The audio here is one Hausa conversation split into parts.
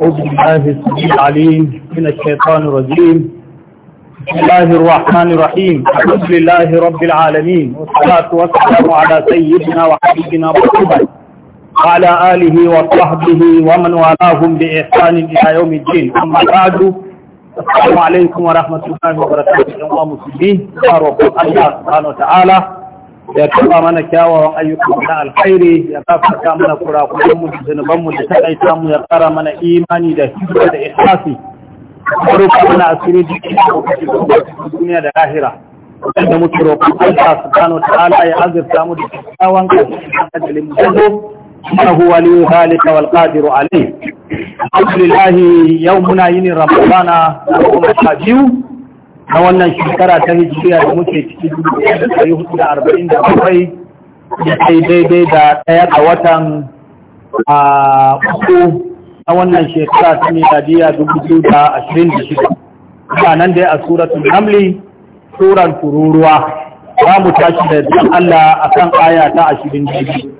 أعوذ بالله السميع العليم من الشيطان الرجيم بسم الله الرحمن الرحيم الحمد لله رب العالمين والصلاة والسلام على سيدنا وحبيبنا محمد وعلى آله وصحبه ومن والاهم بإحسان إلى يوم الدين أما بعد السلام عليكم ورحمة الله وبركاته على مسلمين الله سبحانه وتعالى ya taba mana kyawawan ayyukan na alkhairi ya kafarta mana kurakuran mu da zunuban mu da takaita mu ya kara mana imani da hikima da ikhlasi farko mana asiri da duniya da lahira da muke roƙon Allah subhanahu wa ta'ala ya azurta mu da kyawawan ajalin mu zo إنه ولي ذلك والقادر عليه الحمد لله يومنا يني رمضان وما na wannan shekara ta hijiriya da muke ciki dubu da ɗari hudu da arba'in da bakwai da sai daidai da ɗaya a watan a uku na wannan shekara ta miladiya dubu biyu da ashirin da shida ina nan dai a suratun namli suran tururuwa za mu tashi da zan Allah a kan aya ta ashirin da biyu.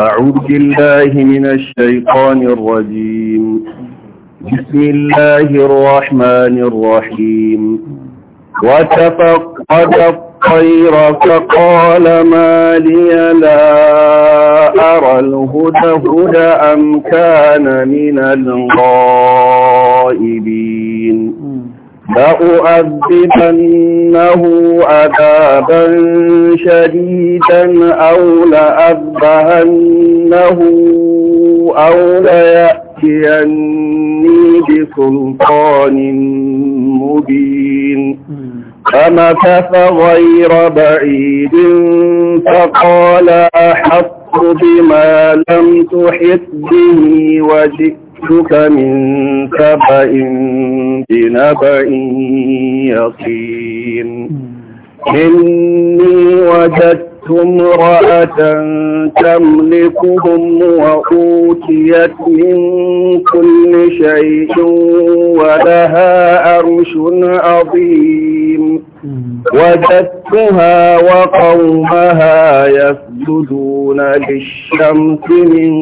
أعوذ بالله من الشيطان الرجيم بسم الله الرحمن الرحيم وتفقد الطير فقال ما لي لا أرى الهدهد أم كان من الغائبين لأؤذبنه عذابا شديدا أو لأذبهنه أو ليأتي يأتيني بسلطان مبين فمكث غير بعيد فقال أحط بما لم تحط به وجئتك من سبأ بنبأ يقين إني وجدت وجدت امرأة تملكهم وأوتيت من كل شيء ولها أرش عظيم وجدتها وقومها يسجدون للشمس من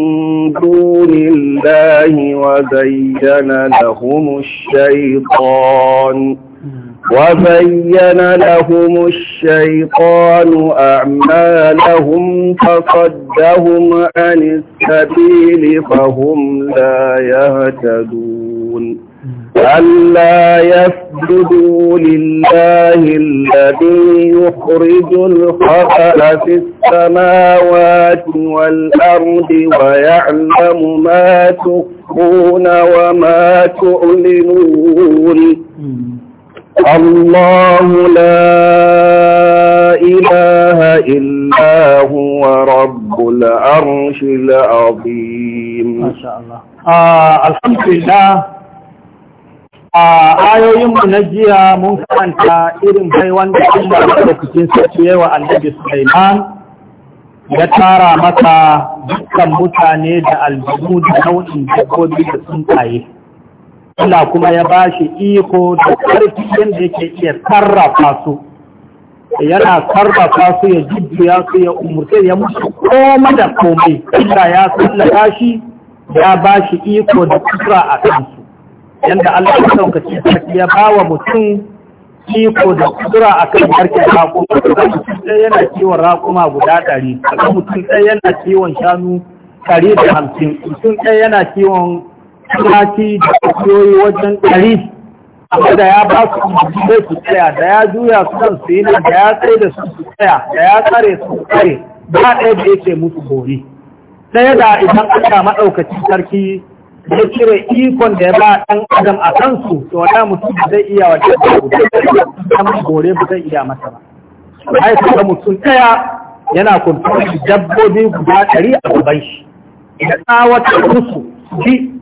دون الله وزين لهم الشيطان وزين لهم الشيطان أعمالهم فصدهم عن السبيل فهم لا يهتدون ألا يسجدوا لله الذي يخرج الخبر في السماوات والأرض ويعلم ما تخفون وما تعلنون الله لا إله إلا هو رب العرش العظيم ما شاء الله آه الحمد لله ayoyinmu na jiya mun karanta irin baiwan da Allah madaukakin sarki yawa annabi Sulaiman ya tara masa dukkan mutane da aljihu da nau'in dabbobi da tsuntsaye. Allah kuma ya ba shi iko da ƙarfi yadda yake iya sarrafa su yana sarrafa su ya jujjuya su ya umurce ya musu koma da komai inda ya sallaka shi ya ba shi iko da kusura a kansu yadda Allah ya saukace sarki ya ba wa mutum iko da kusura a kan harkar raƙuma mutum ɗaya yana kiwon raƙuma guda ɗari ga mutum ɗaya yana kiwon shanu ɗari da hamsin mutum ɗaya yana kiwon tumaki da kuyoyi wajen ƙari. da ya ba su kusurai su tsaya da ya juya su kan su yi da ya tsaye da su su tsaya da ya tsare su tsare ba ɗaya da yake mutu bori ɗaya da idan aka maɗaukacin sarki ya cire ikon da ya ba ɗan adam a kansu to wata mutum zai iya wa gore ba zai iya masa ba ai mutum ɗaya yana kuntar dabbobi guda ɗari a gaban shi da tsawatar musu ji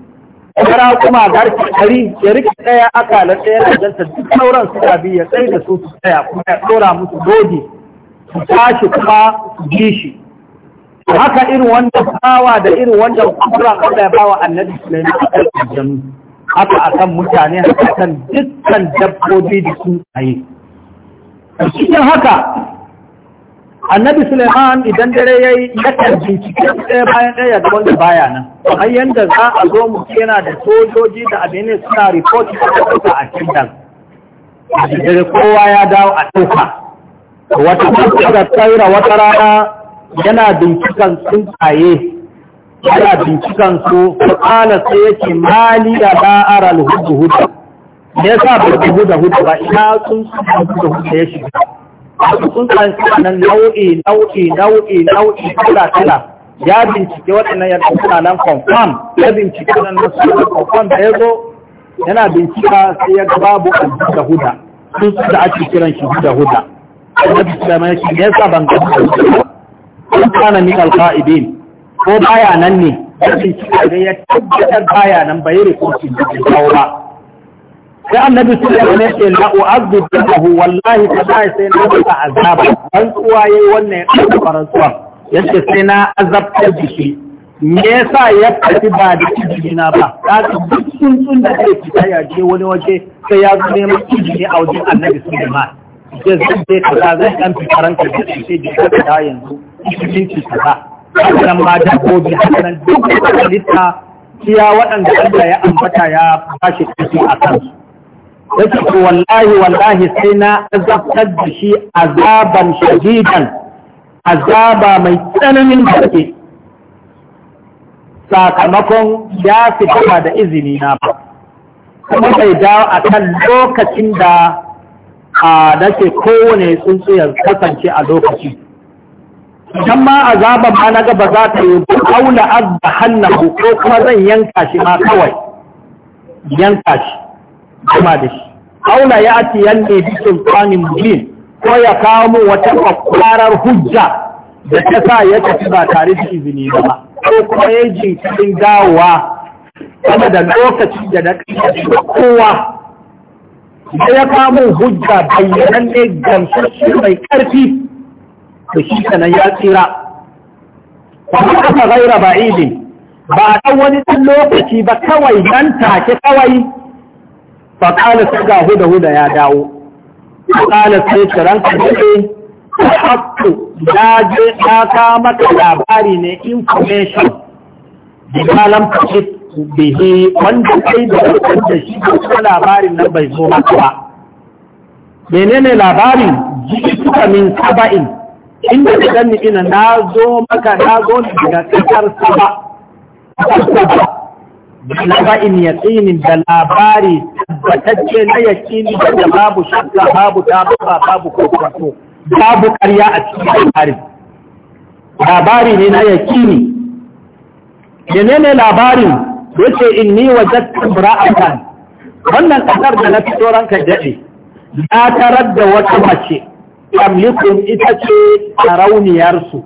kara kuma har kari ya rike tsaya akalar ɗaya da jantar duk sauran su bi ya tsaye da su su tsaya kuma ya ɗora musu dodi su tashi kuma su ji shi haka irin wanda bawa da irin wanda kuran Allah ya bawa annabi Sulaiman a kan aljanu haka akan mutane haka kan dukkan dabbobi da sun tsaye cikin haka annabi suleiman idan dare ya yi yakan bincike ɗaya bayan ɗaya da wanda baya nan kamar yadda za a zo mu yana da sojoji da abinai suna rikoti a ɗauka a kindal dare kowa ya dawo a ɗauka wata kwanci da tsaira wata rana yana bincikan tsuntsaye yana bincikan su kala sai yake mali da ba'ar alhudu hudu ne sa bai hudu ba ina suna hudu hudu ya shiga wasu tsuntsayen suna nan nau'i nau'i nau'i nau'i kala kala ya bincike waɗannan ya suna nan confirm ya bincike waɗannan suna confirm da ya zo yana bincika sai ya ga babu aljihu da huda sun su da ake kiran shi da huda wanda bi sulaiman ya ce me yasa ban ga huda sun kana min alqa'idin ko baya nan ne ya bincike idan ya tabbatar baya nan bai rikokin da kawo ba sai annabi sallallahu ce wasallam la da lahu wallahi tabai sai na ba azaba an tsuwa yayi wannan ya fara tsuwa yace sai na azabta jiki Me me yasa ya tafi ba da na ba ka duk tsuntsun da ke fita ya je wani waje sai ya zo neman kijini a wajen annabi sulaiman ya zai kaza zai ɗan fitaran ka da shi da ka ta yanzu cikin ki kaza ma dabbobi hakanan duk halitta iya waɗanda Allah ya ambata ya bashi kusa a kansu yake ko wallahi wallahi sai na azabtar da shi azaban shadidan azaba mai tsananin gaske sakamakon ya fita da izini na ba kuma bai dawo a kan lokacin da a nake kowane ya kasance a lokaci idan ma azaba ba na gaba za ta yi aula azba hannahu ko kuma zan yanka shi ma kawai yanka shi kuma da shi aula ya ati yanne bi sultanin mubin ko ya kawo wata kwakwarar hujja da ta sa ya tafi ba tare da izini ba ko kuma ya jinkirin dawowa sama da lokacin da na da kowa da ya kamun hujja bayyanan ne gamsashe mai ƙarfi da shi sanan ya tsira kuma aka gaira ba idin ba a ɗan wani lokaci ba kawai nan take kawai fa kala ga huda huda ya dawo kala sai kiran ka dole hakku da je da kama maka labari ne information bimalan fasit bihi wanda kai da wanda shi ko labarin nan bai zo maka ba menene labarin jikita min saba'in inda ka gani ina na zo maka na zo daga kasar saba laba'in yaqinin da labari tabbatacce na yakini da babu shakka babu tabba babu kokoto babu ƙarya a cikin labarin labari ne na yaqini menene labarin yace inni wajadtu ra'atan wannan ƙasar da na fito ranka dade Ya tarar da wata mace tamlikum ita ce sarauniyarsu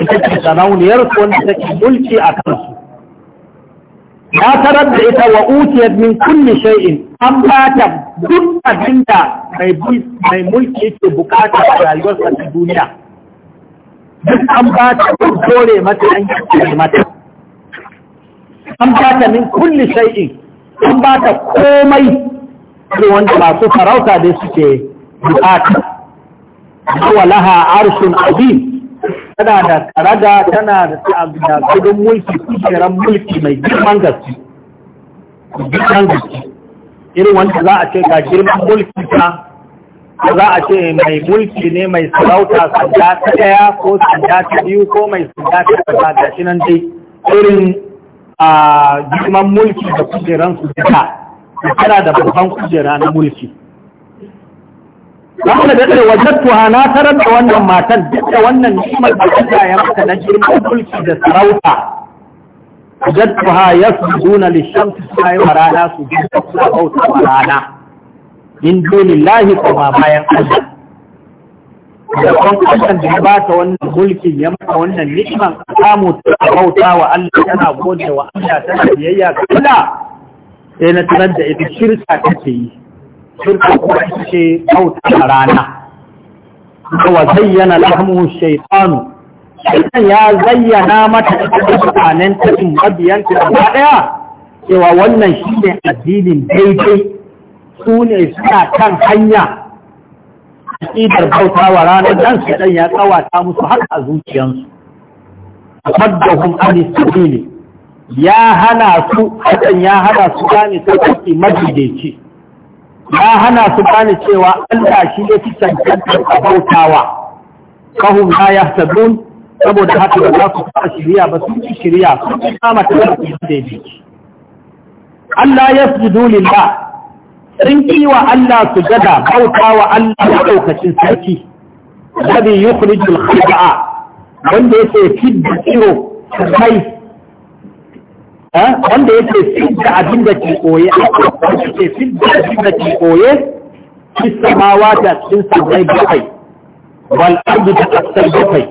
ita ce sarauniyarsu wanda take mulki a kansu ya tarar da ita wa ukiyar min kulli shay'in an bata duk abinda mai mulki yake bukata a rayuwarsa ta duniya duk an bata duk dole mata an yi mata an bata min kulli shay'in an bata komai da wanda masu farauta dai suke bukata laha arshun azim tana da karaga tana da gudun mulki kujeran mulki mai girman gaske girman gaske irin wanda za a ce ga girman mulki ta za a ce mai mulki ne mai sarauta sanda ta daya ko sanda ta biyu ko mai sanda ta kasa ga shi nan dai irin a girman mulki da kujeran su ta tana da babban kujera na mulki wanda da tsare wajattuwa na tarar da wannan matan duk da wannan ni'imar da Allah ya maka na girman mulki da sarauta zuna lishan su suna yi rana su ji ta kuma bauta wa rana doni lahi kuma bayan Allah da kan Allah da ya ta wannan mulkin ya maka wannan a samu ta bauta wa Allah tana gode wa Allah tana biyayya ga Allah sai na tarar da ita shirka take yi Kirka kuma ce rana zayyana ya zayyana mata ita mutanen ta da mabiyan ta daya cewa wannan ne addinin daidai su ne suna kan hanya aƙidar bautawa ranar su ɗan ya tsawata musu har a zuciyansu saddahum an ne, ya hana su hakan ya hana su gane ta kake ce. ya hana su gane cewa Allah shi ya fi cancantar a bautawa kahum ya yahtadun saboda haka da za su fara shirya ba sun ci shirya sun ci kama ta da su daidai Allah ya sujudu lillah sun yi wa Allah sujada bautawa Allah da daukacin sarki alladhi yukhrijul khada'a wanda yake fidda tsiro kai Eh? wanda yake da abin da ke koye wanda yake da abin da ke koye fi samawa da cikin sabai bakwai wal da kasar bakwai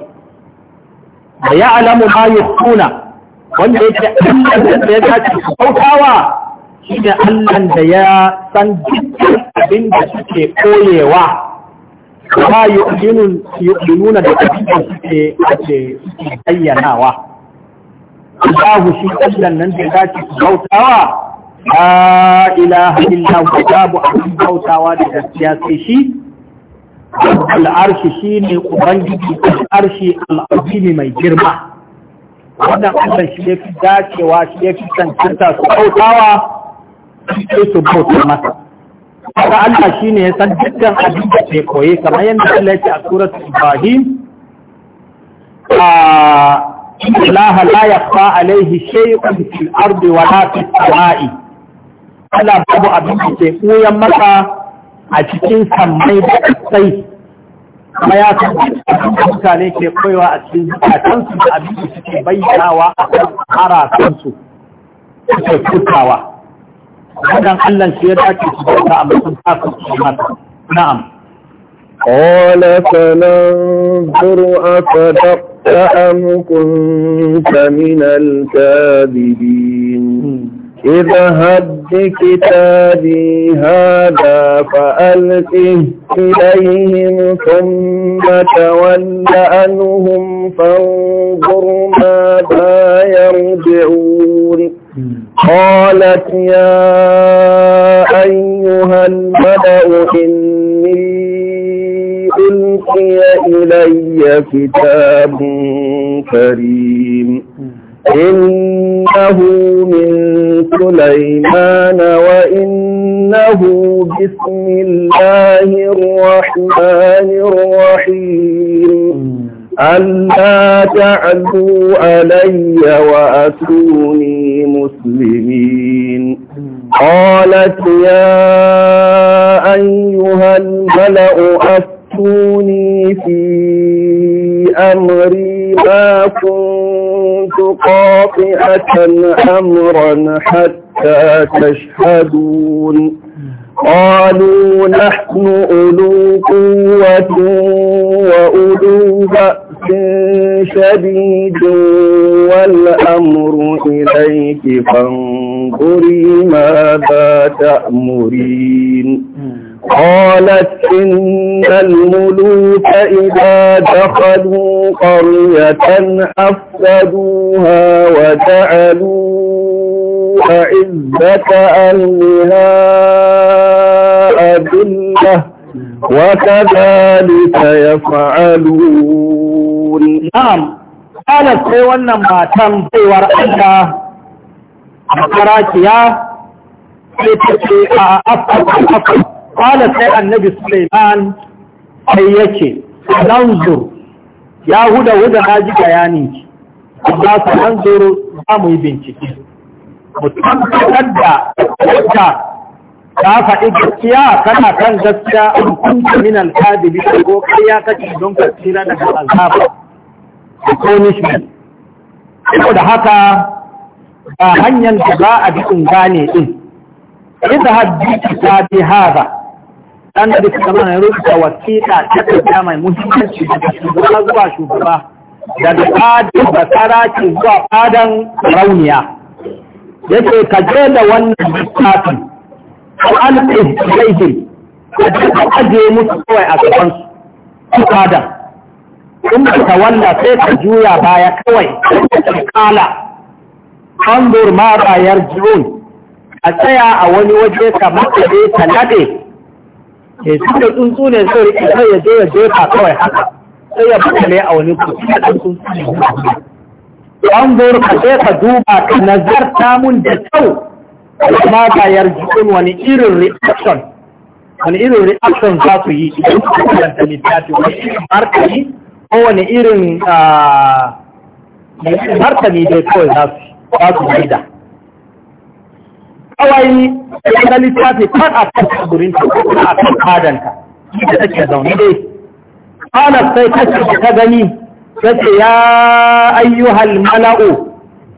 da ya alamu ma yi suna wanda yake allah da ya dace su kautawa shi ne allah da ya san dukkan abin da suke koyewa kuma yi nuna da abin da suke bayyanawa. Allahu shi Allah nan da za ki bautawa la ilaha illa hu babu abin bautawa da gaskiya sai shi al'arshi shi ne ubangiji al'arshi al'azimi mai girma wannan Allah shi ya fi dacewa shi ya fi cancanta su bautawa sai su bauta masa Kada Allah shi ne ya san dukkan abin da ke koye kamar yadda Allah ya ce a suratul Ibrahim الله لا يخفى عليه شيء في الأرض ولا في السماء ألا da أبيك تقويا مكا mutane ke koyawa a cikin zukatansu da abin bayyanawa a kan harasansu suke furtawa ya dace su bauta أم كنت من الكاذبين اذهب بكتابي هذا فألقه إليهم ثم تول عنهم فانظر ماذا يرجعون قالت يا أيها الملأ إن ألقي إلي كتاب كريم إنه من سليمان وإنه بسم الله الرحمن الرحيم ألا تعدوا علي وأتوني مسلمين قالت يا أيها الملأ أف تفتوني في أمري ما كنت قاطعة أمرا حتى تشهدون قالوا نحن أولو قوة وأولو بأس شديد والأمر إليك فانظري ماذا تأمرين قالت إن الملوك إذا دخلوا قرية أفسدوها وجعلوا أعزة أهلها أذلة وكذلك يفعلون نعم قالت في ونما تم سيوار أنت مقراكيا لتكي أفضل أفضل Kwale sai annabi Suleiman sai yake ce, Lanzur, ya huda huda na ji bayani amma su zuru za mu yi bincike. Mutum fitar da ta ta faɗi gaskiya kana kan gaskiya an kunta min alkadili ko kariya kake don kasira daga azaba. Punishment. da haka ba hanyar da ba a bi gane din. Idhab bi dan da duka zama ya rubuta wasiƙa ta kanta mai muhimmanci daga shugaba zuwa shugaba daga fadin basara ce zuwa fadan rauniya yake ka je da wannan littafin ko an tsaye ka je ka musu kawai a gaban su fadan in ba wanda sai ka juya baya kawai ka kala an ma bayar jirun a tsaya a wani waje ka makaɗe ka nade ya shi da tsuntsu ne sai ya je ya jefa kawai haka sai ya bakale a wani kusa da tsuntsu ne an bor ka sai ka duba ka nazarta mun da kyau amma ga yarjikun wani irin reaction wani irin reaction za su yi idan su karanta littafi wani irin martani ko wani irin ah, martani dai kawai za su yi da kawai da littafi kan a kan kaburinta kan a kan kadanta da take zaune dai qalat sai kace ta gani kace ya ayyuhal mala'u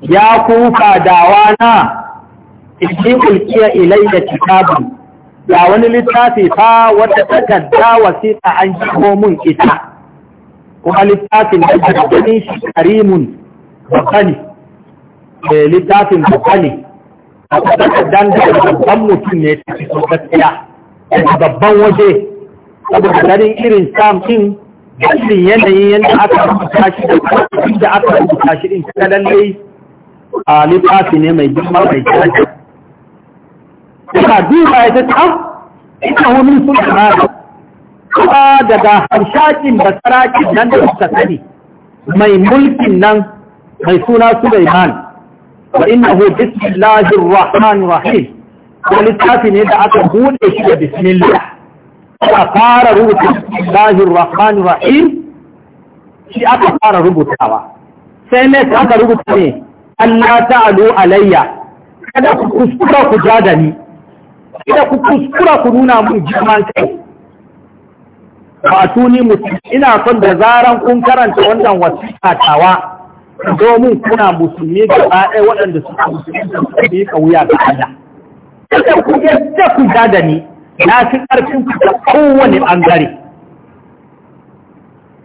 ya ku na inni ulkiya ilayya kitabun ga wani littafi fa wata wasi wasiƙa an ko mun ita kuma littafin da ta ganin shi karimun bakali eh, littafin bakali a kasar babban mutum ne ta fito gaskiya a babban waje saboda ganin irin sam din irin yanayin yadda aka rubuta shi da kuma da aka rubuta shi din ta lallai a littafi ne mai girma mai kyau yana duba ya ta ina wani sun kamata kuma daga harshakin da sarakin nan da suka sani mai mulkin nan mai suna Sulaiman wa innahu bismillahir rahmanir rahim ko littafi ne da aka bude shi da bismillah aka fara rubuta bismillahir rahmanir rahim shi aka fara rubutawa sai ne aka rubuta ne Allah ta'alu alayya kada ku kuskura ku jada ni kada ku kuskura ku nuna mun jiman kai ba tuni mutum ina son da zaran kun karanta wannan wasiƙa tawa domin kuna musulmi da ɗaya waɗanda suka musulmi suka bi wuya ga Allah. Kasa ku yadda ku ja da ni, na fi ƙarfin ku da kowane ɓangare.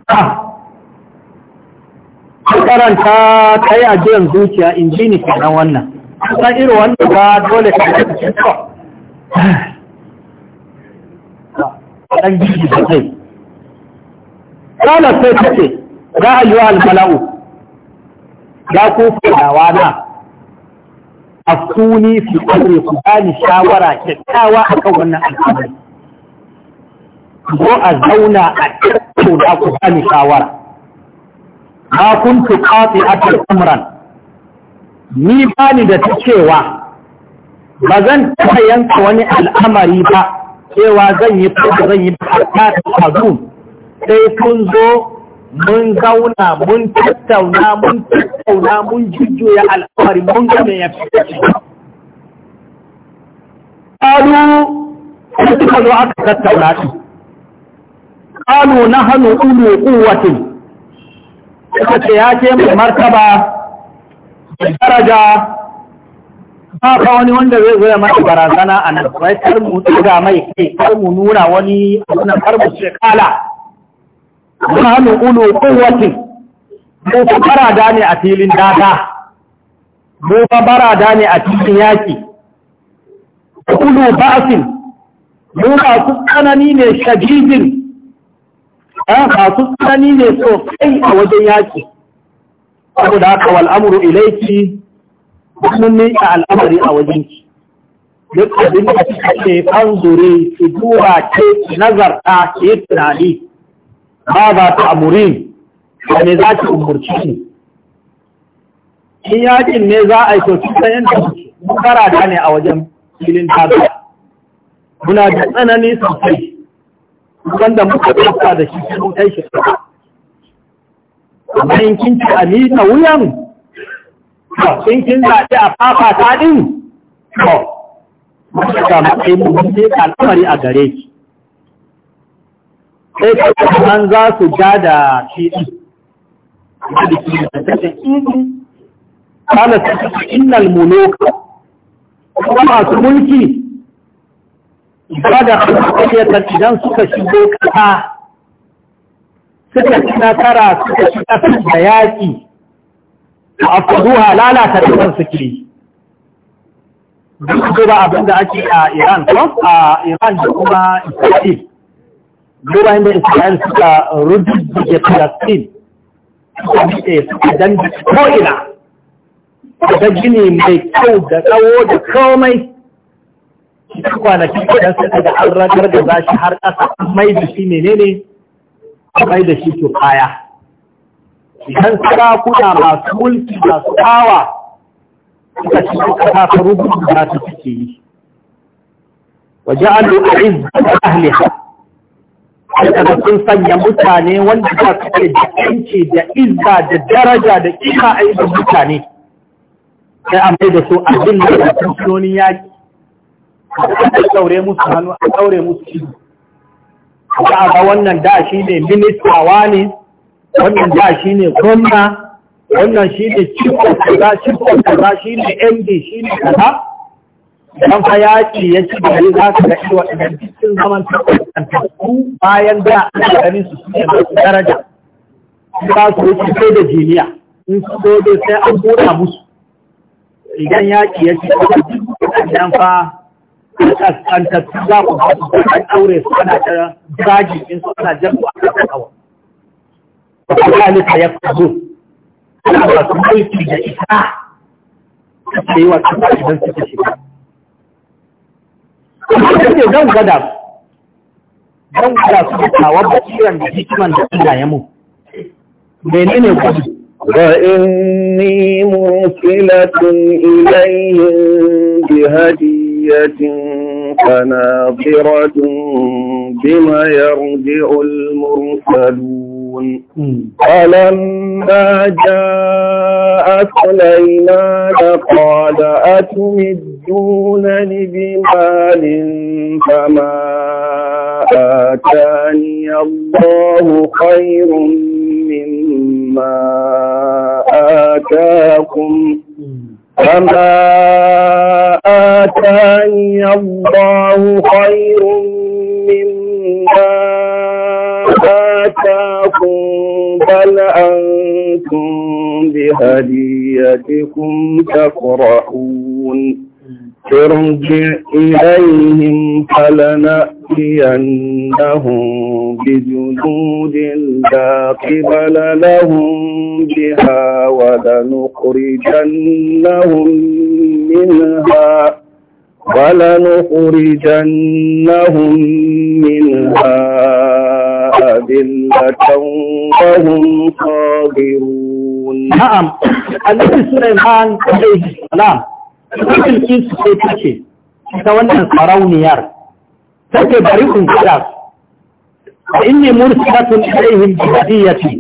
An ah. karanta ta yi ajiyar zuciya in ji ni kenan wannan. An san irin wanda ba dole ka yi cikin kawai. Ah. Ɗan jiki da kai. Kala sai ta ce, za a yi wa albala'u, ya ku fadawa na afuni fi amri ku bani shawara kyakkyawa kan wannan al'amari ko a zauna a da ku bani shawara Ba kun ma a qati'atan amran ni bani da ta cewa ba zan taɓa yanka wani al'amari ba cewa zan yi fada zan yi a ta sai kun zo mun zauna mun tattauna mun tattauna mun jujjuya al'amari mun ga ya fi qalu suka zo aka tattauna shi na hannu ulu quwwatin suka ce ya ce mai martaba daraja ba ka wani wanda zai zo mai barazana a nan sai kar mu mai kai kar mu nuna wani a na kar shekala hannu ulu kowace mu fa barada ne a filin dada mu fa barada ne a filin yaƙi ulu ba'sin mu masu tsanani ne ka masu tsanani ne sosai a wajen yaki. saboda da aka wal'amuru ilaiki mun ne al'amari a wajenki duk abin da kake fanzure su duba ce nazarta ke tunani ba za ta amuri da ne za ki umurci ni in yakin ne za a yi to cikin yan karata ne a wajen filin tabi muna da tsanani sosai wanda muka tsaka da shi sun kai shi amma in kin ci a nita wuyan in kin zaɓi a fafa ta ɗin to mata ga matsayin mutum sai al'amari a gare ki sai ta kaman za su ja da shi ɗin kala ta ce innal muluka kuma masu mulki ba da kwanfafiyar idan suka shigo kasa suka ci nasara suka ci ƙasar da yaƙi a faruwa lalata ƙasar suke yi duk zuba abinda da ake a iran a iran da kuma isra'il dubayen da isra'il suka da palestine suka miƙe suka danda ko'ina da gini mai kyau da tsawo da komai cikin kwanaki kudan da an ragar da za shi har ƙasa mai da shi menene mai da shi kaya idan suka kuna masu mulki masu kawa suka ci ƙasa ta rubutu za su suke yi waje an da daga sun sanya mutane wanda za su ke da yanci da izza da daraja da kima a yi da mutane sai a mai da su abin da da kusuroni yaƙi a ɗaure musu hannu a saure musu shi za a ga wannan da shi ne ministawa ne wannan da shi ne gwamna wannan shi ne cikin kaza cikin kaza shi ne md shi ne kaza dan fa yaƙi ya ci gari za ka ga cewa idan cikin zaman tattattu bayan da ana ganin su suke masu daraja ba su wuce sai da jiniya in su dole sai an buɗa musu idan ci ya ci idan fa tattattu za ku ba su an aure su ana ta daji in su ana jarku a kan kawai. Wakalika ya faru, ba su mulki da ita, ta ce wa kasa idan suka shiga. ne zan gwada zan gwada su da tawar da da hikiman da Allah ya mu menene gudu وإني مرسلة إليهم بهدية فناظرة بما يرجع المرسلون فلما جاء سليمان قال أتمدونني بمال فما آتاني الله خير مما آتاكم فما آتاني الله خير بهديتكم تفرحون ارجع إليهم فلنأتينهم بجنود لا قبل لهم بها ولنخرجنهم منها ولنخرجنهم منها أذلة وهم صاغرون na'am annabi Sulaiman alaihi salam cikin kinsu sai tace ta wannan sarauniyar take bari in kira A inni mursalatun ilaihim bi hadiyati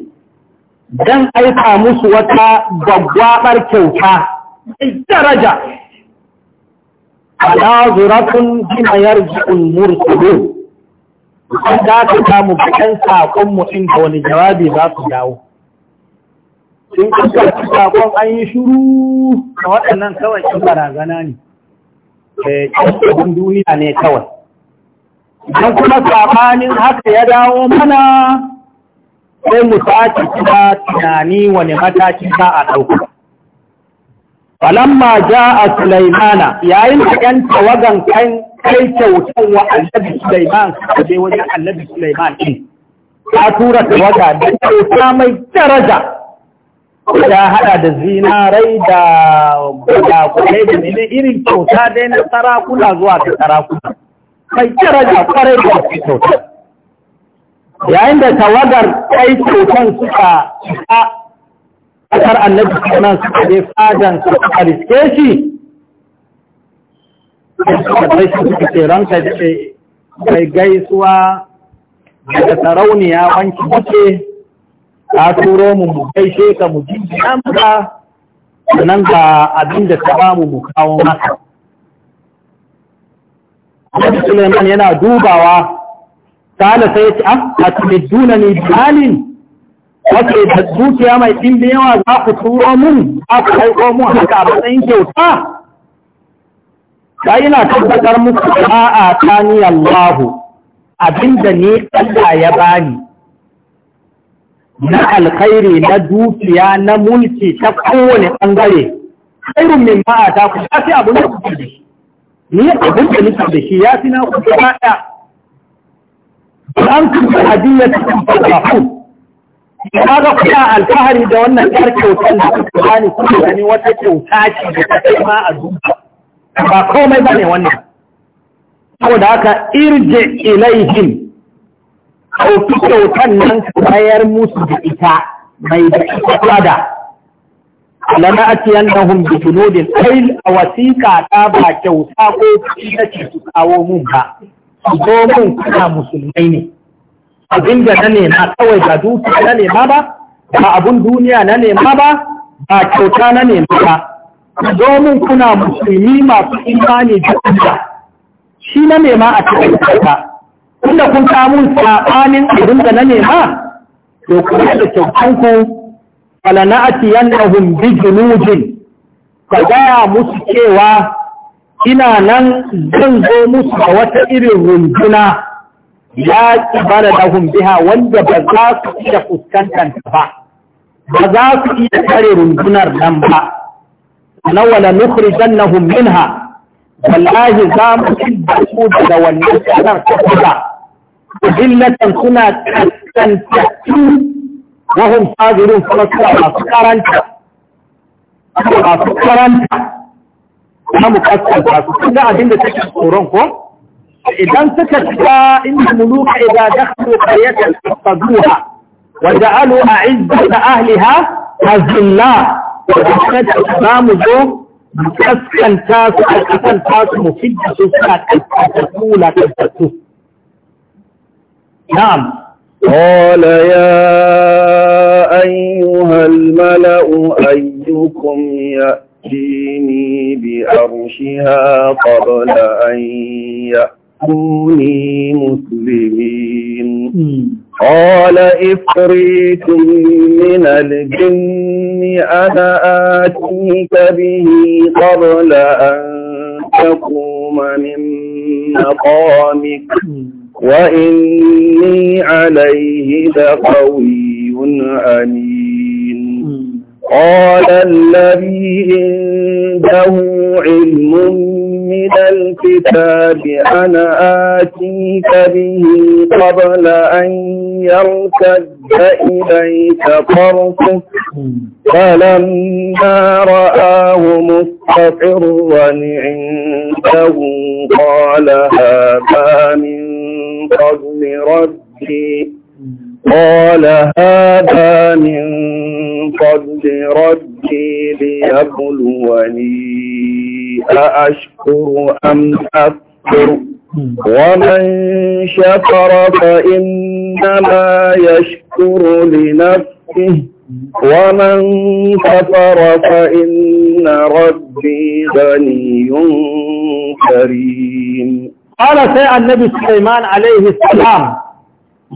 dan aika musu wata gaggwabar kyauta mai daraja ala zuratun bima yarji'ul mursalun da ka samu bakan sakon mu inda wani jawabi za su dawo sun kuka ci sakon an yi shuru a waɗannan kawai in barazana ne cikin eh, duniya ne kawai don kuma sabanin haka ya dawo mana sai mu sake kuma tunani wani mataki ba a ɗauka falamma ja a sulaimana yayin da ƴan tawagan kan kai kyautan wa annabi sulaiman suka je wajen annabi sulaiman ɗin ta tura tawaga da kyauta mai daraja ya hada da zinarai da gudakulai da mene irin kyauta dai na sarakuna zuwa da sarakuna mai kira da kwarai da su kyauta yayin da tawagar kai kyautan suka cika kasar annabi sunan suka je fadan su suka riske shi suka kai shi suka ce ranka ce kai gaisuwa daga sarauniya wanki muke ka turo mu mu gaishe ka mu ji maka nan ga abin da ka ba mu mu kawo maka Annabi Suleiman yana dubawa kala sai ce a ah, a duna ni bimalin wace da dukiya mai ɗimbin yawa za ku turo mun za ku haiko mun haka a matsayin kyauta ba yana tabbatar muku a tani Allahu abinda ni Allah ya bani na alkhairi na dukiya na mulki ta kowane ɓangare ƙairun min ba ta ku ya fi abin da ku da shi ni abin da nake da shi ya fi na ku gaba ɗaya an kuma hadiyya ta ku, ya ga kuma alfahari da wannan ɗar kyautar da kuka bani kuma gani wata kyauta ce da ta kai ma a duba. ba komai ba ne wannan saboda haka irje ilaihim ɗauki kyautan nan ka bayar musu da ita mai da ita kwada lana a ciyan na hun bi junodin ail a wasiƙa ta ba kyauta ko kuɗi na ce su kawo mun ba su zo mun kuna musulmai ne abin da na nema kawai ba dukiya na nema ba ba abun duniya na nema ba ba kyauta na nema ba ku zo mun kuna musulmi masu imani da Allah shi na nema a cikin kyauta tun kun kamun saɓanin abin da na nema to kuma da kyautanku falana'ati yannahum bi junujin ka gaya musu cewa ina nan zan zo musu a wata irin runduna ya da lahum biha wanda ba za su iya fuskantar ba ba za su iya kare rundunar nan ba na wala nukhrijannahum minha wallahi za mu fidda su daga wannan kasar ta مهمة كما تستنتهون وهم صادرون فمسكرا فمسكرا فمسكرا فمسكرا فمسكرا عندما تشعر قرانكم إذا انتكتا إن الملوك إذا دخلوا قرية فاستضوها وجعلوا أعزة أهلها هزلا وجعلت أسلام الزوم مكسكا تاسو أسلام تاسو مفيد سوسات تتكولا تتكولا نعم قال يا أيها الملأ أيكم يأتيني بأرشها قبل أن يأتوني مسلمين قال إفريت من الجن أنا آتيك به قبل أن تقوم من مقامك وإني عليه لقوي أمين قال الذي عنده علم من الكتاب أنا آتيك به قبل أن يرتد إليك طرفك فلما رآه مستقرا عنده قال هذا من فضل ربي قال هذا من فضل ربي ليبلوني أأشكر أم أكفر ومن شكر فإنما يشكر لنفسه ومن كفر فإن ربي غني كريم Ƙwala sai annabi Sulaiman alaihi salam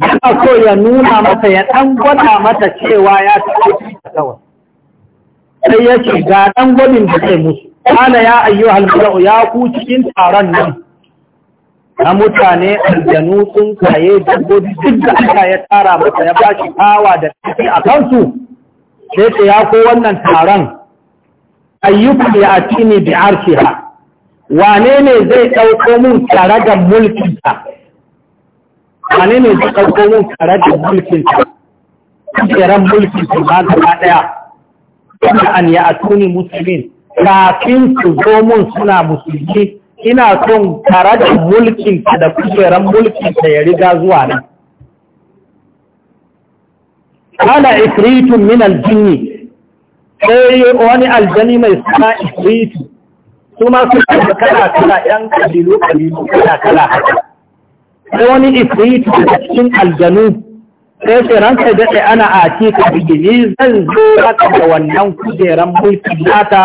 yana so ya nuna mata ya ɗan gwada mata cewa ya taɓa ta kawai. Sai ya ce ga ɗan gwadin da zai musu. Ƙwala ya ayyu halmarau ya ku cikin taron nan. Na mutane aljanu sun kaye dabbobi duk da aka ya tara masa ya ba shi kawa da tafi a kansu. Sai ya ko wannan taron ayyukan ya a ne bi arshiha. wane ne zai ɗauko mun da mulkinta wane ne zai ɗauko mun da mulkinta kujeran mulkinta ba gaba ɗaya wanda an yi a tuni musulmin kafin su zo mun suna musulmi ina son da mulkinta da kujeran mulkinta ya riga zuwa nan kana ifritun minal jini sai wani aljani mai suna ifritun kuma su kala kala yan kabilu kabilu kala kala haka sai wani ifrit da cikin aljanu sai sai ranka daɗe ana a ce ka bigini zan zo haka da wannan kujeran mulki nata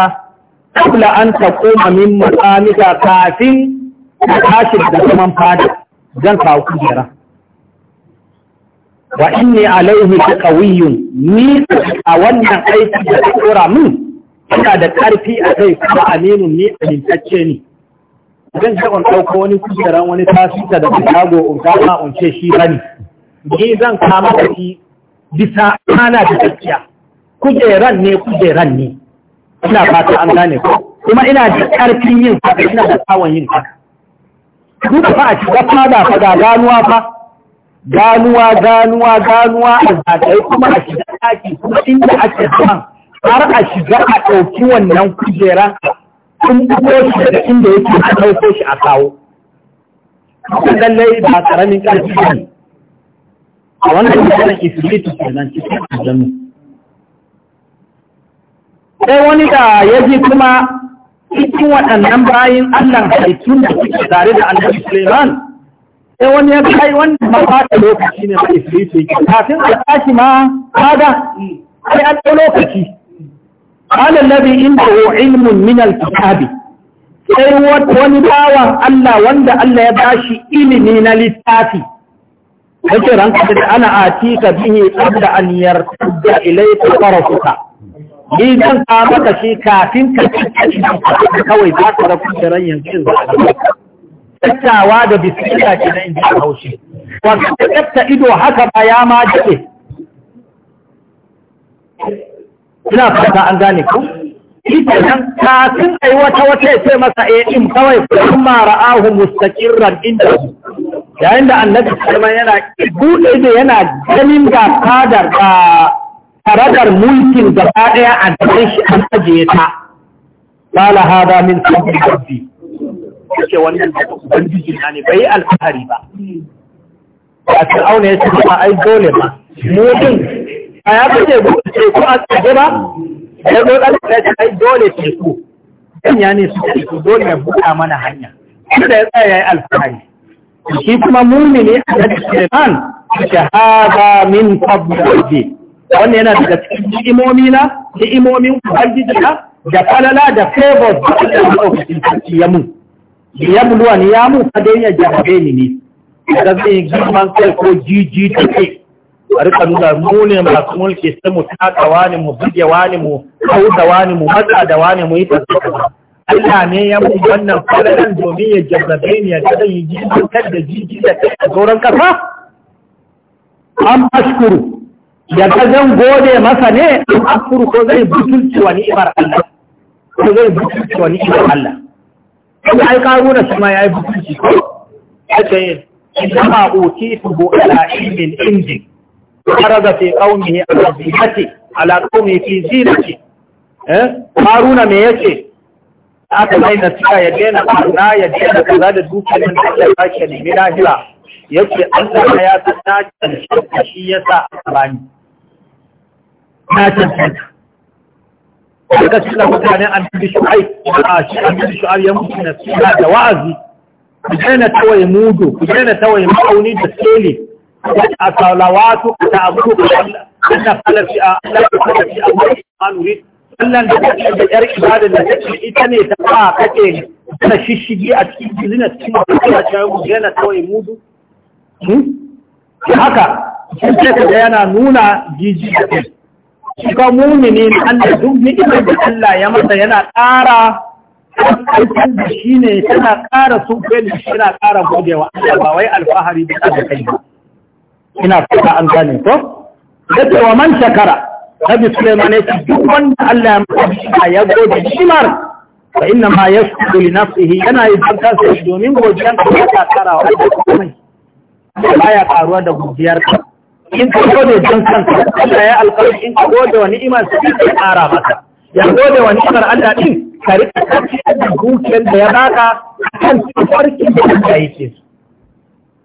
kula an ta koma min matsamika kafin ka tashi da zaman fada zan kawo kujera wa ne alaihi ta kawiyun ni a wannan aiki da ta kora min ina da ƙarfi a kai kuma aminin ni amintacce ne zan ce on ɗauka wani kujeran wani tasita da shago in kama in ce shi bane ni zan kama da shi bisa ana da gaskiya kujeran ne kujeran ne ina fata an gane ku. kuma ina da ƙarfin yin haka ina da tsawon yin haka duka fa a cikin fada fa da ganuwa fa ganuwa ganuwa ganuwa a zagaye kuma a shiga ɗaki kuma inda ake son har a shiga a ɗauki wannan kujera sun buɗe shi daga inda yake a ɗauko shi a kawo. Kuka lallai ba ƙaramin ƙarfi ba ne. A wannan maganar Ifiritu kenan cikin aljanu. Sai wani da ya ji kuma cikin waɗannan bayan Allah halittun da suke tare da Annabi Suleiman. Sai wani ya kai wanda ma ba da lokaci ne da Ifiritu yake. Kafin a tashi ma kaga, sai an ɗau lokaci. qala alladhi indahu ilmun min al-kitabi sai wani bawan Allah wanda Allah ya bashi ilimi na littafi yake ranka da ana atika bihi qabla an yartadda ilayka tarafuka ni zan ka maka shi kafin ka ci kawai za ka rabu da ran yanzu tattawa da bismillah ke nan ji haushi wanda ta ido haka ba ya ma jike ina fata an gane ku ita nan kafin yi wata wata ya ce masa A eh, yi kawai kuma ra'ahu mustaqirran inda yayin da annabi salman yana buɗe da yana ganin ga fadar da faradar mulkin gaba ɗaya a cikin shi an ajiye ta la hada min sabbi rabbi yace wannan da ubangiji na ne bai alfahari ba a fir'auna ya ce ba ai dole ba mu a ya kace teku a tsaye ba ya zo da ya ai dole teku ɗan ya ne su teku dole ya buɗa mana hanya da ya tsaya ya yi alfahari shi kuma mumini a da Suleiman shahada min fadlihi wannan yana daga cikin ni'imomi na ni'imomin ubangiji na da falala da favor da Allah maɗaukakin sarki ya mun ya buluwa ni ya mun fadin ya jabe ni ne da zai girman kai ko jiji take a rika nuna mu ne masu mulki sai mu taka wani mu buge wani mu hau da wani mu matsa da wani mu yi Allah ne ya mu wannan falalan domin ya jarrabe ni ya kada yi jijitar da jijita a sauran kasa an ashkuru ya ga zan gode masa ne an ashkuru ko zai butulce wa ni'imar Allah ko zai butulce wa ni'imar Allah kuma ai karuna shi ma yayi butulci ko ya ce inna ma ala ilmin خرج في قومه على زينته على قومه في زينته هارون me yace aka daina tsaya ya daina ƙarna ya daina kaza da dukkanin da ya sake nemi lahira Ya yake Allah ya san na cancanta shi ya sa a bani na cancanta daga cikin mutanen annabi shu'aib a shi annabi shu'aib ya mutu na nasiha da wa'azi ku daina tawaye mudu ku daina tawaye ma'auni da tsele salawatu da abu da Allah kala fi Allah kala fi Allah an urid sallan da take da yar ibada da take ita ne ta ba kake na shishigi a cikin jilina cikin mutuwa ta yi kawai mudu haka sun ce yana nuna jiji da kai shi mumini na Allah duk ni'imar da Allah ya masa yana ƙara aikin da shi ne tana ƙara sun da shi yana ƙara godewa Allah ba wai alfahari da kai ba ina fata an gane ko yace wa man shakara Nabi Sulaiman yace duk wanda Allah ya masa ya gode shimar fa inna ma yashkuru li nafsihi yana yin kansa domin godiyan ka ta kara wa Allah baya karuwa da godiyar ka in ka gode don kanka Allah ya alƙawari in ka gode wa ni'imar sai ka kara maka. ya gode wa ni'imar Allah din ka rika kafiyar da dukiyar da ya baka kan farkin da Allah yake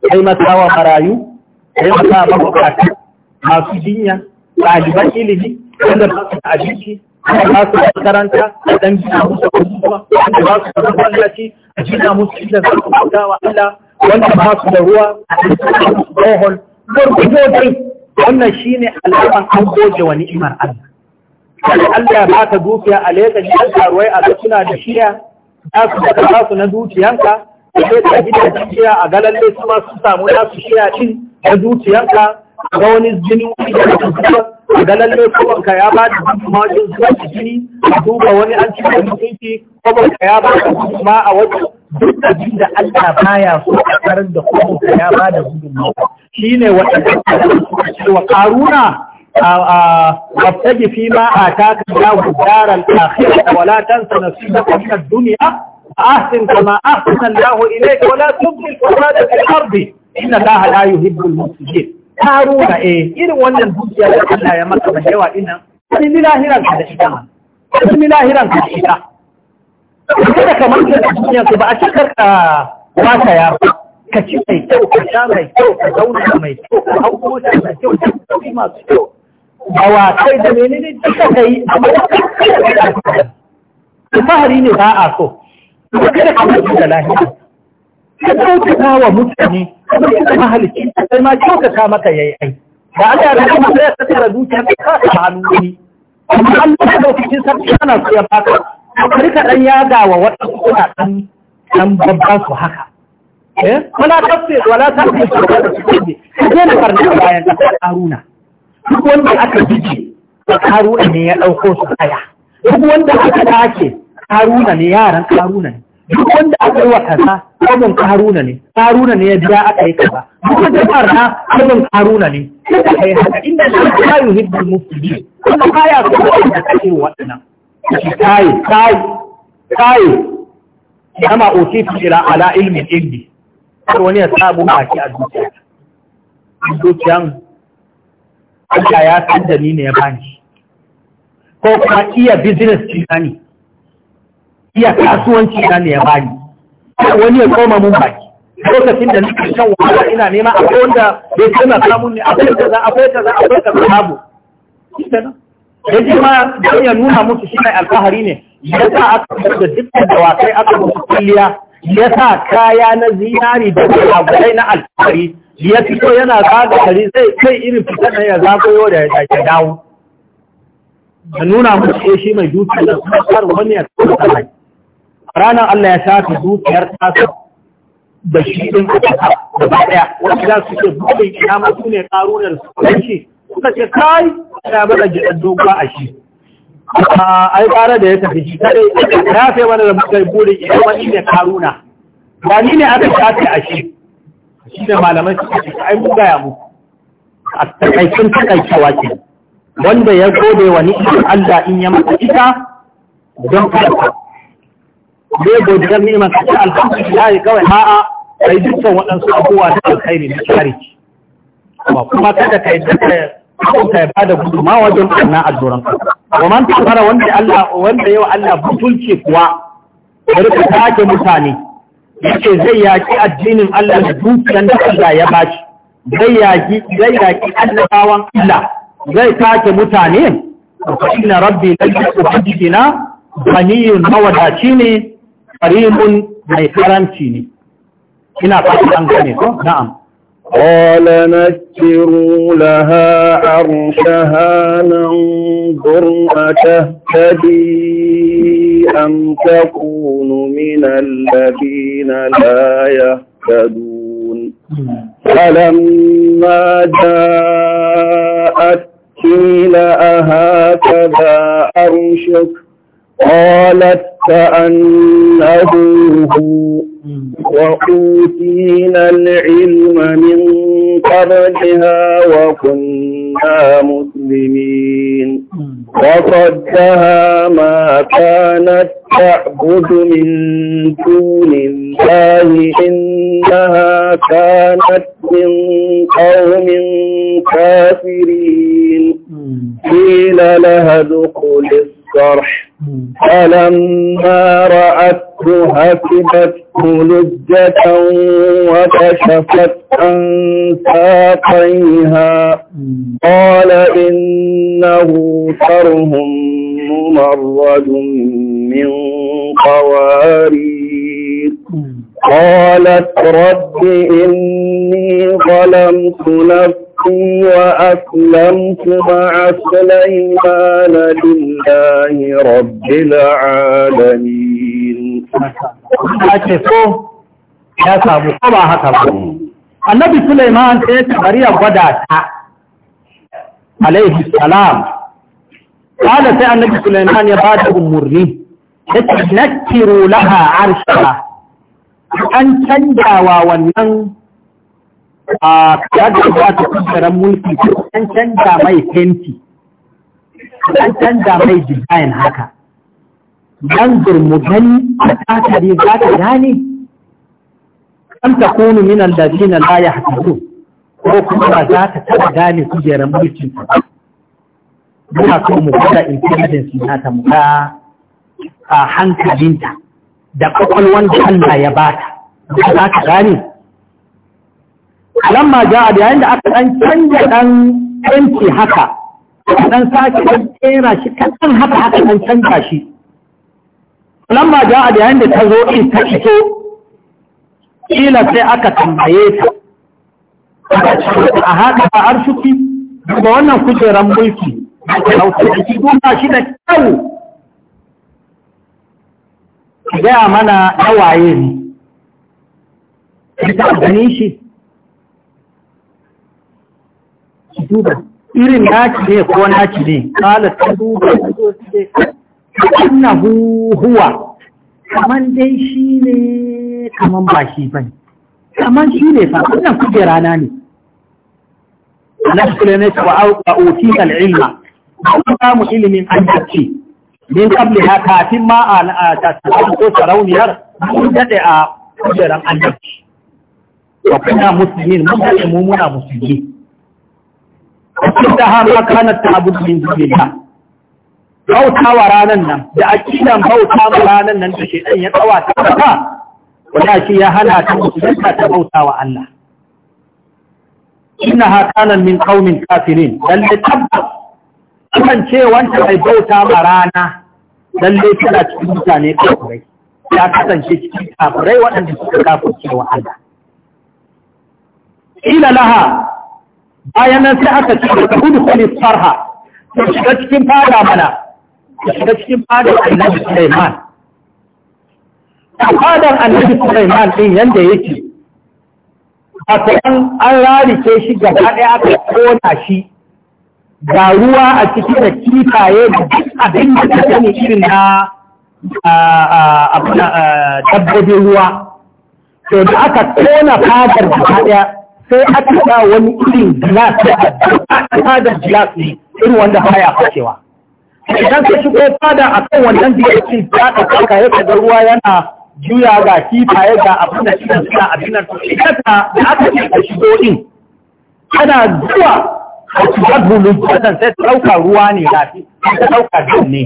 su kai masa wa marayu sai mu sa mabukata masu jinya ɗaliban ilimi wanda ba su abinci wanda ba su makaranta a ɗan gina musu abubuwa wanda ba su da mallaci a gina musu inda za su bauta wa Allah wanda ba su da ruwa a cikin musu bohol gurgudo wannan shine alamar an goje wani ni'imar Allah Allah ba ka dukiya a leka karuwai a suna da shiya za su su na dukiyanka sai da gidajen shiya a galalle su ma su samu nasu shiya din da zuciyarka ga wani jini da kuma a galalle kuma ka ya ba da kuma wajen zuwa jini a duba wani an ci da mutunci kuma ka ya ba da kuma a wajen duk da jin da Allah baya so a karin da kuma ka ya ba da gudunmawa shine wata cewa karuna وابتج فيما آتاك da الدار الآخرة ولا تنس نصيبك من duniya? أحسن كما أحسن الله إليك ولا تبقي الفساد في الأرض إن الله لا يحب المفسدين هارون إيه إن ولا الدنيا لا يا مكة بشوى إن بسم الله هيران كذا شيطان بسم الله هيران كذا شيطان kada ka manta da duniya ba a shakar ka ba ta ya ka ci mai kyau ka sha mai kyau ka zauna mai kyau ka hau mota mai kyau ka sauki masu kyau a kai da menene duka ka yi amma ka fahari ne ba a so kuma ka mutu da lafiya ka kyautata wa mutane ka mahalicci sai ma kyautata maka yayi ai da Allah ya rahama sai ka tsara zuciya ka ka hannu ne amma an ya dauki kin sarki ana so ya baka ka rika dan yaga wa wata kuna dan dan babban su haka eh wala tafsir wala tafsir ka je na farna bayan ka karuna duk wanda aka bije ka ne ya dauko su haya duk wanda aka dace karuna ne yaran karuna ne duk wanda aka yi wa kaza abin karuna ne karuna ne ya biya aka yi kaza duk wanda kaza abin karuna ne ka yi haka inda na kayu hibbul biyu, kuma kaya ko da kake waɗannan shi yi kai kai kama ta ila ala ilmin indi har wani ya sabu baki a zuciya zuciyan Allah ya san da ni ne ya bani ko kuma iya business ɗina ne iya kasuwanci na ne ya bani wani ya koma mun baki lokacin da nake shan wahala ina nema akwai wanda bai tana samun ne akwai kaza akwai kaza akwai kaza babu ji ma don ya nuna musu shi mai alfahari ne ya sa aka da dukkan dawakai aka musu kulliya yasa kaya na zinari da kulagurai na alfahari ya fito yana zaga kari sai kai irin fitar da ya yau da ya dawo da nuna musu shi mai dukiya da kuma wani ya kuma ranar Allah ya shafi dukiyar tasa da shi ɗin ƙasa da ba ɗaya wanda za su ce buɗin ina masu ne ƙarunar su kwanci suka ce kai ya mana gidan dogon a shi ai ƙara da ya tafi shi kaɗai ya fi mana da muka buɗin ina wani ne ƙaruna ba ni ne aka shafi a shi shi ne malamai suka ce ai mun gaya muku a takaicin takaicewa ke wanda ya gode wa ni'imar Allah in ya masa ita don kada bai godiyar ni'imar ka ce alhamdulillah kawai a'a kai dukkan waɗansu abubuwa da alkhairi na tsari ba kuma kada ka yi ka ya bada guduma wajen kanna a doron wa man tafara wanda Allah wanda yau Allah butulci kuwa ya ka take mutane yace zai yaki addinin Allah da dukiyar da Allah ya bashi zai yaki zai yaki annabawan Allah zai take mutane fa inna rabbi la yuhibbu bani ghaniyyun mawadaci ne harimun أي karanci ne ina fata an قال نكروا لها عرشها ننظر أتهتدي أم تكون من الذين لا يهتدون فلما جاءت قيل أهكذا أرشك قالت كأنه هو وأوتينا العلم من قبلها وكنا مسلمين وصدها ما كانت تعبد من دون الله إنها كانت من قوم كافرين قيل لها ادخل الصرح فلما حسبت لجة وكشفت عن ساقيها قال إنه ترهم ممرد من قوارير قالت رب إني ظلمت نفسي وأسلمت مع سليمان لله رب العالمين ake so ya samu ko ba haka ba annabi Sulaiman sai ta bari ya gwada ta alaihi salam kada sai annabi Suleiman ya bata umurni Na nakiru laha arsha an canjawa wannan a kaga ba ta kudaran mulki an canja mai fenti an canja mai design haka yanzur mu gani a tasari za ka gane an ta kone min allazina la yahtadun ko kuma ba za ta taba gane kujerar mulkin ta muna so mu gwada intelligence nata mu ga a hankalinta da kwakwalwan da Allah ya bata ba za ta gane lamma ja'a da yayin da aka dan canja dan yanki haka dan sake dan tsera shi kan haka haka dan canja shi lamma a da yayin da ta zo in ta fito kila sai aka tambaye ta a haka ba arshuki daga wannan kujeran mulki da talauta da duba shi da kyau gaya mana waye ne ita gani shi duba irin naki ne ko naki ne kala ta duba ta duba annahu huwa kamar dai shi ne kaman ba shi bane kamar shi ne fa wannan kujera na ne Allah ne ta wa auti al-ilma ba mu ilimin an dace min qabli ha kafin ma a ta ko sarauniyar mun dade a kujeran annabi wa kuna muslimin mun dade mu muna musulmi wa kunta ha ma kana ta'budu min dunillah bautawa ranar nan da aqidan bauta ma ranar nan da ɗan ya tsawa ta kafa wanda shi ya hana ta musulunta ta bautawa Allah innaha kana min qaumin kafirin lalle tabbas kan ce wanda mai bauta ma rana lalle tana cikin mutane kafirai ya kasance cikin kafirai waɗanda suka kafin cewa Allah ila laha bayan nan sai aka ce ka hudu kulis farha ka shiga cikin fada mana ya shiga cikin fadar annabi Sulaiman fadar annabi Sulaiman ɗin yanda yake akwai an rarike shi gaba ɗaya aka kona shi ga ruwa a ciki da kifaye da duk abin da ta gani irin na dabbobin ruwa to da aka kona fadar gaba ɗaya sai aka sa wani irin glass da fadar glass ne irin wanda baya fashewa idan ka shigo fada a kan wannan jirgin ta tsaka, ya kaga ruwa yana juya ga kifaye ga abin da shi suna abin nan to da aka ce ka shigo din kana zuwa a cikin bulu sai ta ɗauka ruwa ne rafi ta ɗauka jin ne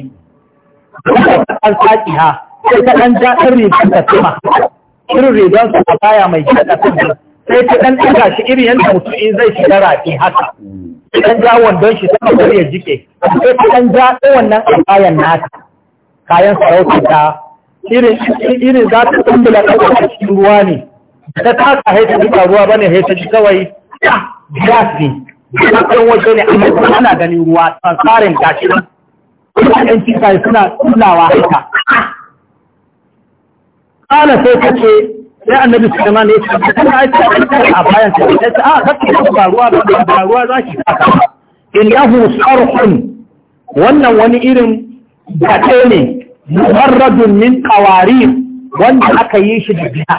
ta ɗan saƙi ha sai ta ɗan ja ɗan rigar ta sama irin rigar a baya mai jin sun sama sai ta ɗan ɗaga shi irin yadda mutum in zai shiga rafi haka idan ja wandon shi sama bari ya jike sai ta dan ja ɗan wannan alfayan nata kayan sarauta ta irin irin za ta tumbula ta cikin ruwa ne ta taka haita duka ruwa bane haita ji kawai gas ne kan waje ne amma ana ganin ruwa tsarin gashi kuma ɗan kisa suna tunawa haka kana sai ta ce sai annabi sulaiman ya ce kana aiki a bayan sa sai a kake ba ruwa ba ba ruwa zaki saka innahu sarhun wannan wani irin bate ne muharradun min qawarir wanda aka yi shi da biya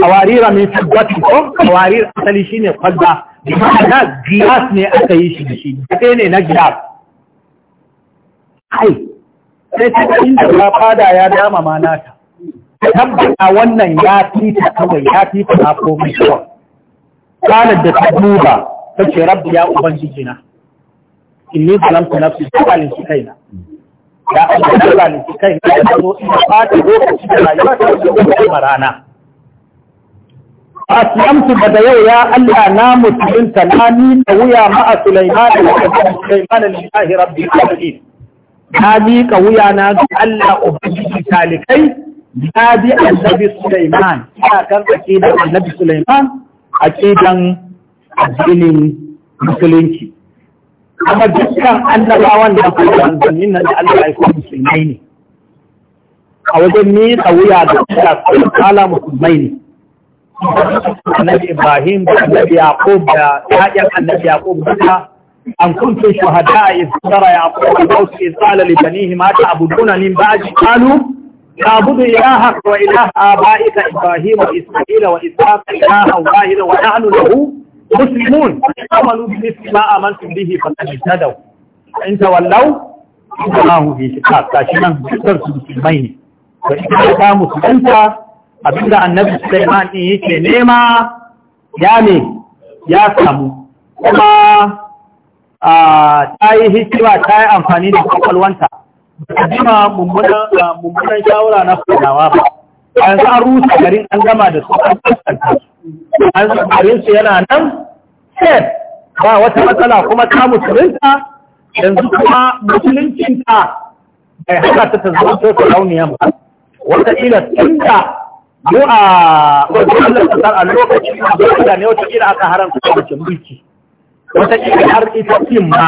qawarira min sabbat ko qawarir asali shine kwalba bi ma'ana giyas ne aka yi shi da shi bate ne na giyas kai sai ta inda ba fada ya dama ma nata tabbata wannan ya fita kawai ya fita na komai kawai kanar da ta duba ta ce rabbi ya ubangiji na inni zalamtu nafsi ta zalunci kaina ya Allah ta zalunci kaina ta zo ina fata lokaci da rayuwa ta zo kuma rana ba da yau ya Allah na musulunta na ni da wuya ma'a Sulaiman da Sulaiman lillahi rabbil alamin na miƙa wuya na ga Allah ubangiji talikai ya bi annabi Sulaiman ya kan aqidan annabi Sulaiman aqidan addinin musulunci amma dukkan annabawan da aka yi nan da Allah ya kuma musulmai ne a wajen ne wuya da suka kala musulmai ne annabi Ibrahim da annabi Yaqub da ya'yan annabi Yaqub duka an kuntum shuhada iz tara yaqub al-mawt iz qala li banihi ma ta'buduna Sabuɗi ya haska wa ilaha ba'ika Ibrahimu wa Isaka. Ina hauhahila wa 'yanunahu. Musulmun A da shi nan, musuɗar sun fili mai ne. So, ina Annabi Sulaimani. Me ne ma? Ya ne. Ya samu. Kuma ta yi hikima ta yi amfani da kwakwalwanta mukaddima mummunan mummunan shawara na fadawa ba an sa rusa garin an gama da su an kaskanta an sa garin su yana nan set ba wata matsala kuma ta musulunta yanzu kuma musuluncinta bai haka ta zama to sarauniyan ba wataƙila tun da mu a wajen Allah ta san a lokacin da ne wataƙila aka haramta mace mulki wataƙila har ita ma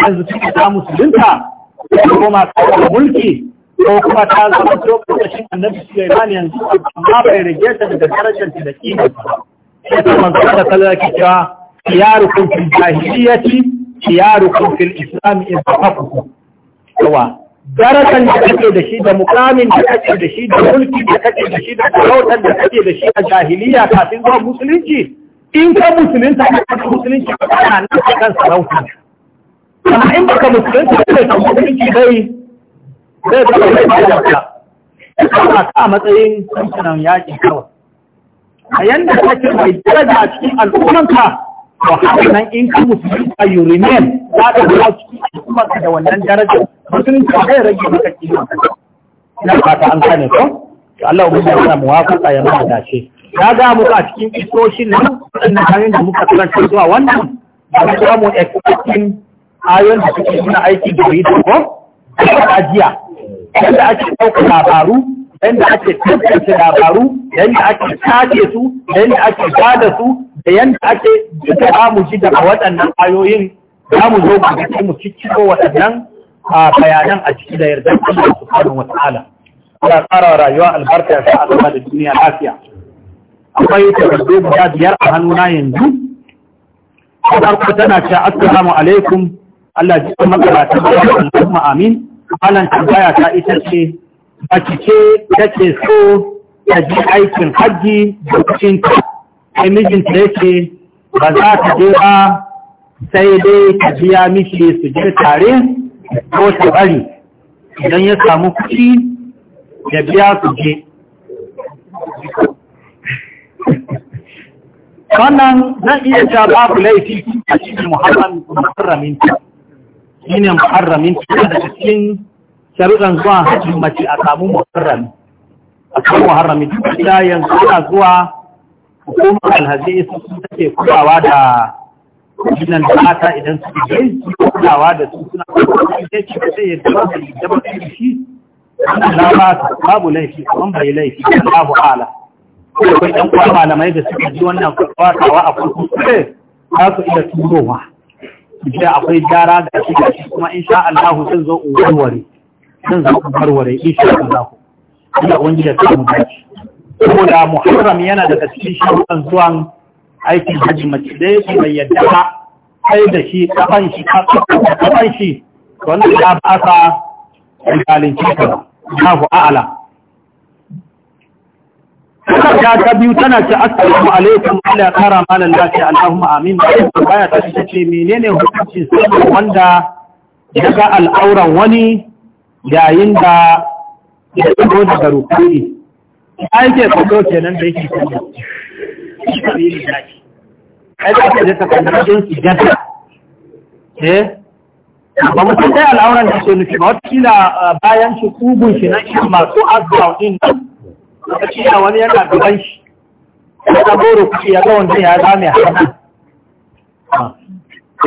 yanzu cikin ta musulunta kuma ta mulki ko kuma ta zama lokacin annabi Sulaiman yanzu amma bai rage ta daga darajar da kima ba sai kuma ta kalla ki cewa khiyarukum fil jahiliyyati khiyarukum fil islam in tafaqqu yawa darajar da kake da shi da mukamin da kake da shi da mulki da kake da shi da sarautar da kake da shi a jahiliya kafin zuwa musulunci in ka musulunta ka musulunci ka kana nan kan sarauta amma in baka musulunci da kai kan musulunci kai zai zama mai a ka matsayin kamfanin yakin kawai a yanda kake mai daraja a cikin al'ummanka to haka nan in ka musulunci a uranian za ka zama cikin al'ummanka da wannan daraja musulunci zai rage maka kima ina fata an gane ko Allah ubangiji ya mu wafa ya mu dace na ga mu a cikin isoshin nan na hanyar da muka karanta zuwa wannan ba mu samu expecting ayon da suke suna aiki da yi ko ajiya yadda ake ɗauka labaru yadda ake tattace labaru yadda ake tace su yadda ake gada su da yadda ake duka za mu ji daga waɗannan ayoyin za mu zo mu ga mu cikiko waɗannan bayanan a ciki da yarda Allah subhanahu wa ta'ala Allah tsara rayuwa albarka ya sa Allah da duniya lafiya akwai takardu guda biyar a hannuna yanzu farko tana ce assalamu alaikum Allah ji kuma karatu kuma amin halan tambaya ta ita ce mace ce take so ta ji aikin hajji da cikin ta sai mijinta yake ba za ta je ba sai dai ta biya miki su je tare ko ta bari idan ya samu kuɗi ya biya su je wannan zan iya sha babu laifi a cikin muhammadu muharramin shi ne muharramin da cikin sharuɗan zuwa hajji mace a samu muharrami a samu muharrami duk da yanzu ana zuwa hukumar alhaji su take kudawa da jinan da idan su je su kudawa da su suna kudawa da ce da zai yadda da zai yadda ba zai shi ana lafa babu laifi kamar bai laifi da babu ala akwai ɗan kwa malamai da suka ji wannan kwakwatawa a kurkuku ne eh, za su iya turowa jiya akwai gyara da shi da shi kuma insha Allah zan zo warware zan zo in warware insha Allah Allah wani da samu Ko saboda Muharram yana daga cikin sharuɗan zuwan aikin hajji mace da yake mai yadda ba sai da shi kafan shi kafan shi wannan ya ba ka alƙalin cikin Allahu a'ala takarda ta biyu tana ce assalamu alaikum Allah ya kara malan lafiya Allahumma amin baya ta ce ce menene hukuncin sai wanda ya daga al'auran wani yayin da ya tsoro daga rukuni ai ke tsoro kenan da yake tsoro ai da ake da takardar don su gada eh ba mutum dai al'auran da ke nufi ba wata kila bayan shi kugun shi na shi masu azzawa nan wata kila wani yana gaban shi ya ta goro kuɗi ya ga wanda ya zame hana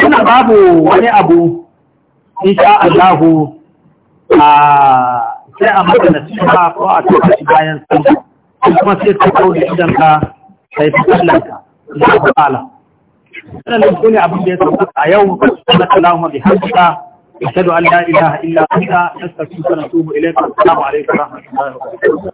yana babu wani abu insha Allahu a sai a maka nasiha ko a tuka shi bayan sallah kuma sai ta kawo idan ka sai fi sallanka Allahu kala. sannan ko ne abin da ya sauka a yau sallallahu alaihi wa bihamdika أشهد أن لا إله إلا أنت أستغفرك ونتوب إليك والسلام عليكم ورحمة الله وبركاته